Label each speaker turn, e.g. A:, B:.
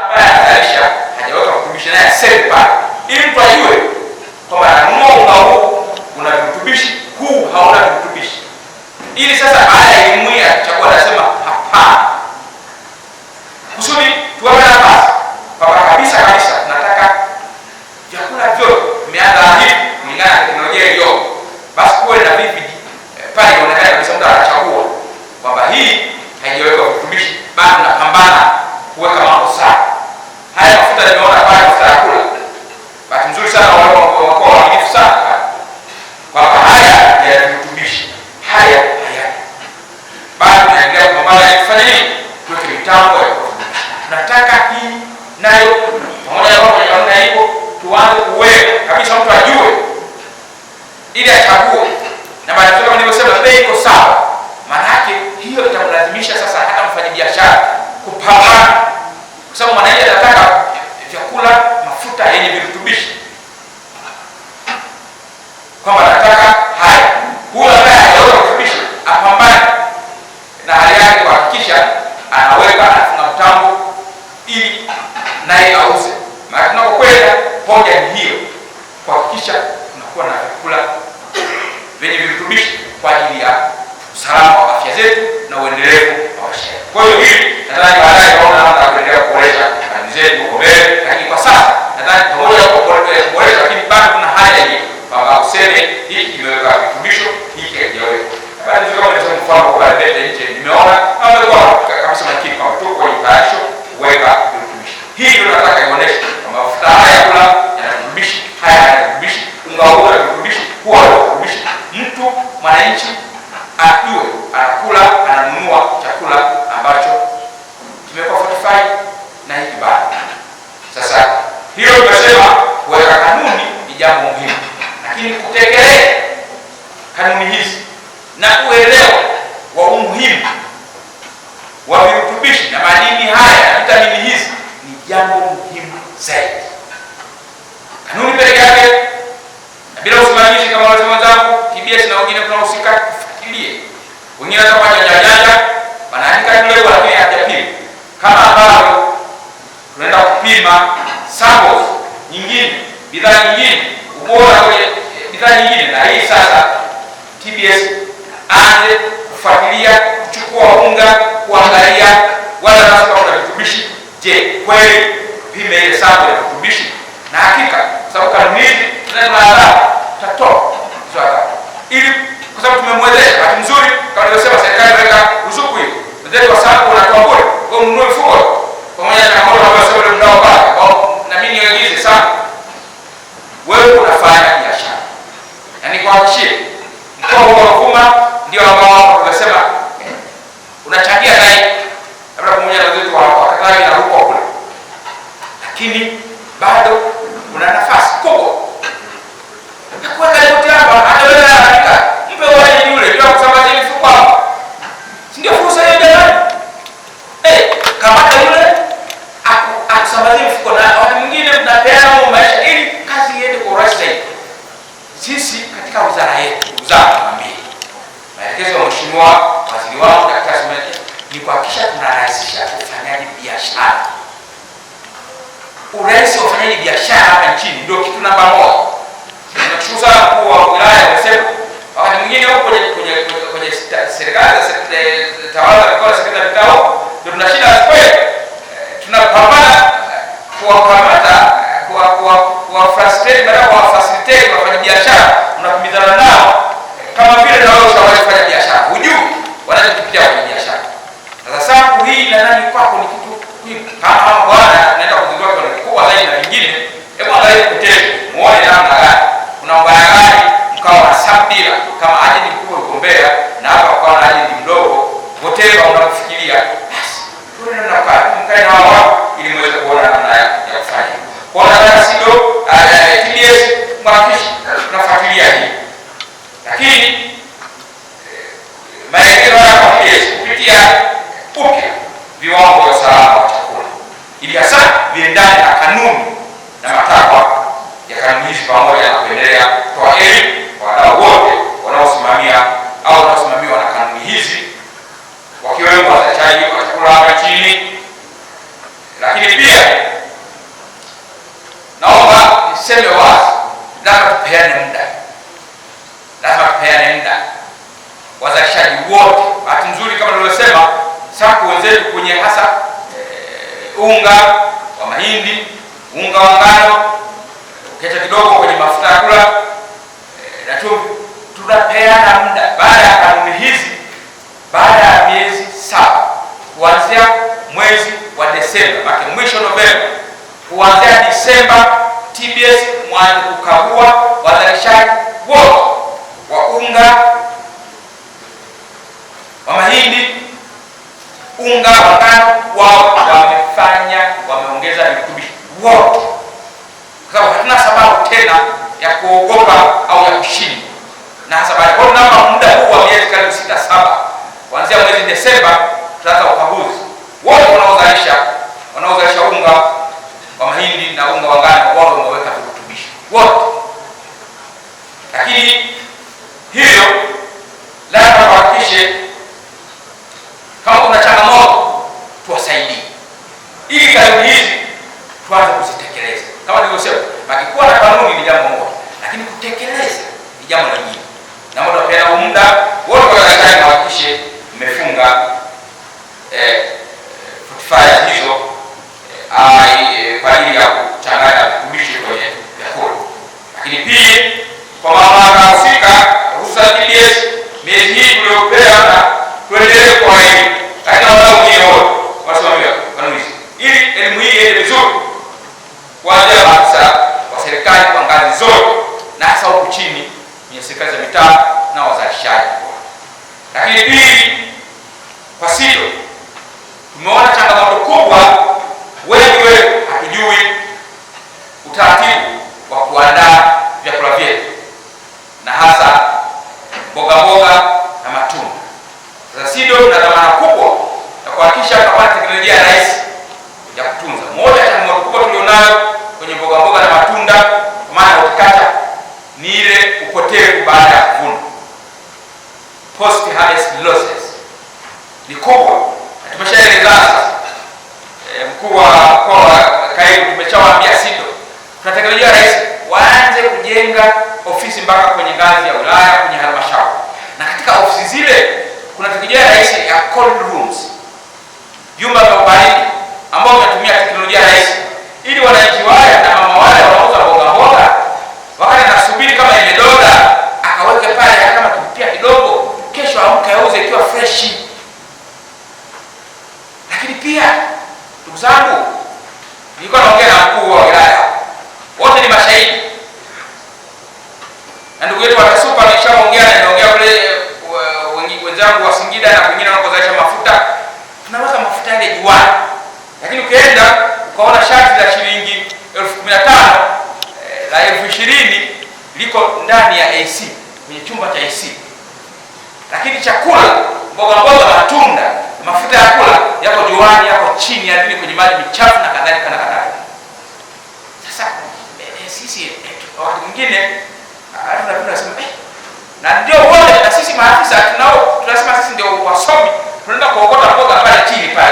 A: ambaye anatayarisha hajaweka mtumishi naye aseme pale, ili mtu ajue kwamba ananunua unga huu una virutubishi, huu hauna virutubishi, ili sasa baada ya elimu hii akichagua anasema hapana, kusudi tuwe na nafasi kwamba kabisa kabisa akagua na marafiki wengine wasema bei iko sawa endelevu na ushirikiano. Kwa hiyo hili nadhani baadaye tutaona namna ya kuendelea kuboresha kanuni zetu huko mbele, lakini kwa sasa nadhani hiyo tunasema kuweka kanuni ni jambo muhimu, lakini kutekeleza kanuni hizi na kuelewa wa umuhimu wa virutubishi na madini haya na vitamini hizi ni jambo muhimu zaidi. Kanuni peke yake na bila usimamizi, kama wazee wenzangu TBS na wengine tunahusika kufikirie, wengine wanafanya janja janja, wanaandika vile, ya pili kama ambavyo bidhaa nyingine, ubora kwenye bidhaa nyingine. Na hii sasa TBS aanze kufuatilia, kuchukua unga, kuangalia wala nafasi kama una virutubishi. Je, kweli ile hesabu ya virutubishi? Na hakika sababu kanuni hizi zinatoa adhabu, tutatoa sasa, ili kwa sababu tumemwezesha. Bahati nzuri kama nilivyosema, serikali imeweka ruzuku hiyo, wenzetu wa SACCO wanatoa bure, kwa mnunue mfuko lakini bado una nafasi koko hata wewe mpe yule bila kusambaza ndio fursa hiyo Eh, yule na wakati mwingine mnapeana mambo maisha ili kazi iende kwa urahisi zaidi. Sisi katika wizara yetu, wizara maelekezo ya mheshimiwa waziri wangu Daktari ni kuhakikisha tunarahisisha biashara urahisi wa ufanyaji biashara hapa nchini ndio kitu namba moja. Nakushukuru sana mkuu wa wilaya ya Buseku, wakati mwingine huko kwenye kwenye kwenye serikali eh, za mikoa na serikali za mitaa huko ndio tunashinda kweli, eh, tunapambana eh, kuwakamata kuwafrustati badala kuwafasilitate wafanya biashara, unakumbizana nao kama vile na wao ushawahi kufanya biashara, hujui wanachokipitia kwenye biashara. Sasa siku hii na nani kwako ni kitu kama bwana Deva unafikiria basi tuone mkae na wao ili mweze kuona namna ya kufanya. Kwa sababu sido TBS mwandishi tunafuatilia hii. Lakini eh, maelekezo ya TBS kupitia upya viwango vya usalama wa chakula ili hasa viendane na kanuni na matakwa ya kanuni hizi pamoja na kuendelea kwa elimu kwa wadau wote. tofauti. Bahati nzuri kama nilivyosema, SACCO wenzetu kwenye hasa e, unga wa mahindi, unga wa ngano, ukiacha kidogo kwenye mafuta ya kula e, na tunapeana muda baada ya kanuni hizi, baada ya miezi saba kuanzia mwezi wa Desemba, maana mwisho Novemba, kuanzia Desemba TBS mwanze kukagua wazalishaji wote wa unga unga wa ngano wao wamefanya, wameongeza virutubishi wote, kwa sababu hatuna sababu tena ya kuogopa au ya kushindwa. Na hasa baada ya namba muda huu wa miezi karibu sita saba, kuanzia mwezi Desemba tutaanza ukaguzi wote wanaozalisha wanaozalisha unga ni jambo la na muda tena muda wote kwa daktari mwahakikishe mmefunga eh, fortifier hizo eh, ai eh, kwa ajili ya kuchanganya virutubishi kwenye vyakula. Lakini pili, kwa mamlaka husika ruhusa TBS miezi hii tuliopewa na tuendelee kwa hili, lakini wala wengine wote wasimamia wanunuzi ili elimu hii iende vizuri kuanzia maafisa wa serikali kwa ngazi zote na hasa huku chini ni serikali za mitaa na wazalishaji. Lakini pili, kwa sio tumeona changamoto kubwa, wengi hatujui utaratibu wa kuandaa vyakula vyetu na hasa mboga mboga na matunda. Sasa Sido baada ya kuvuna post harvest losses ni kubwa. Tumeshaeleza eh, mkuu wa mkoa kaibu tumeshawaambia SIDO tunatekeleza rais waanze kujenga ofisi mpaka kwenye ngazi ya ulaya kwenye halmashauri, na katika ofisi zile kuna teknolojia rahisi ya cold rooms, vyumba vya ubaridi ambao ishirini liko ndani ya AC kwenye chumba cha AC, lakini chakula, mboga mboga, matunda, mafuta ya kula yako juani, yako chini ya ardhini, kwenye maji michafu na kadhalika na kadhalika. Sasa eh, sisi eh, wakati mwingine tunasema eh, na ndio wote na sisi maafisa tunao tunasema sisi ndio wasomi, tunaenda kuokota mboga pale chini pale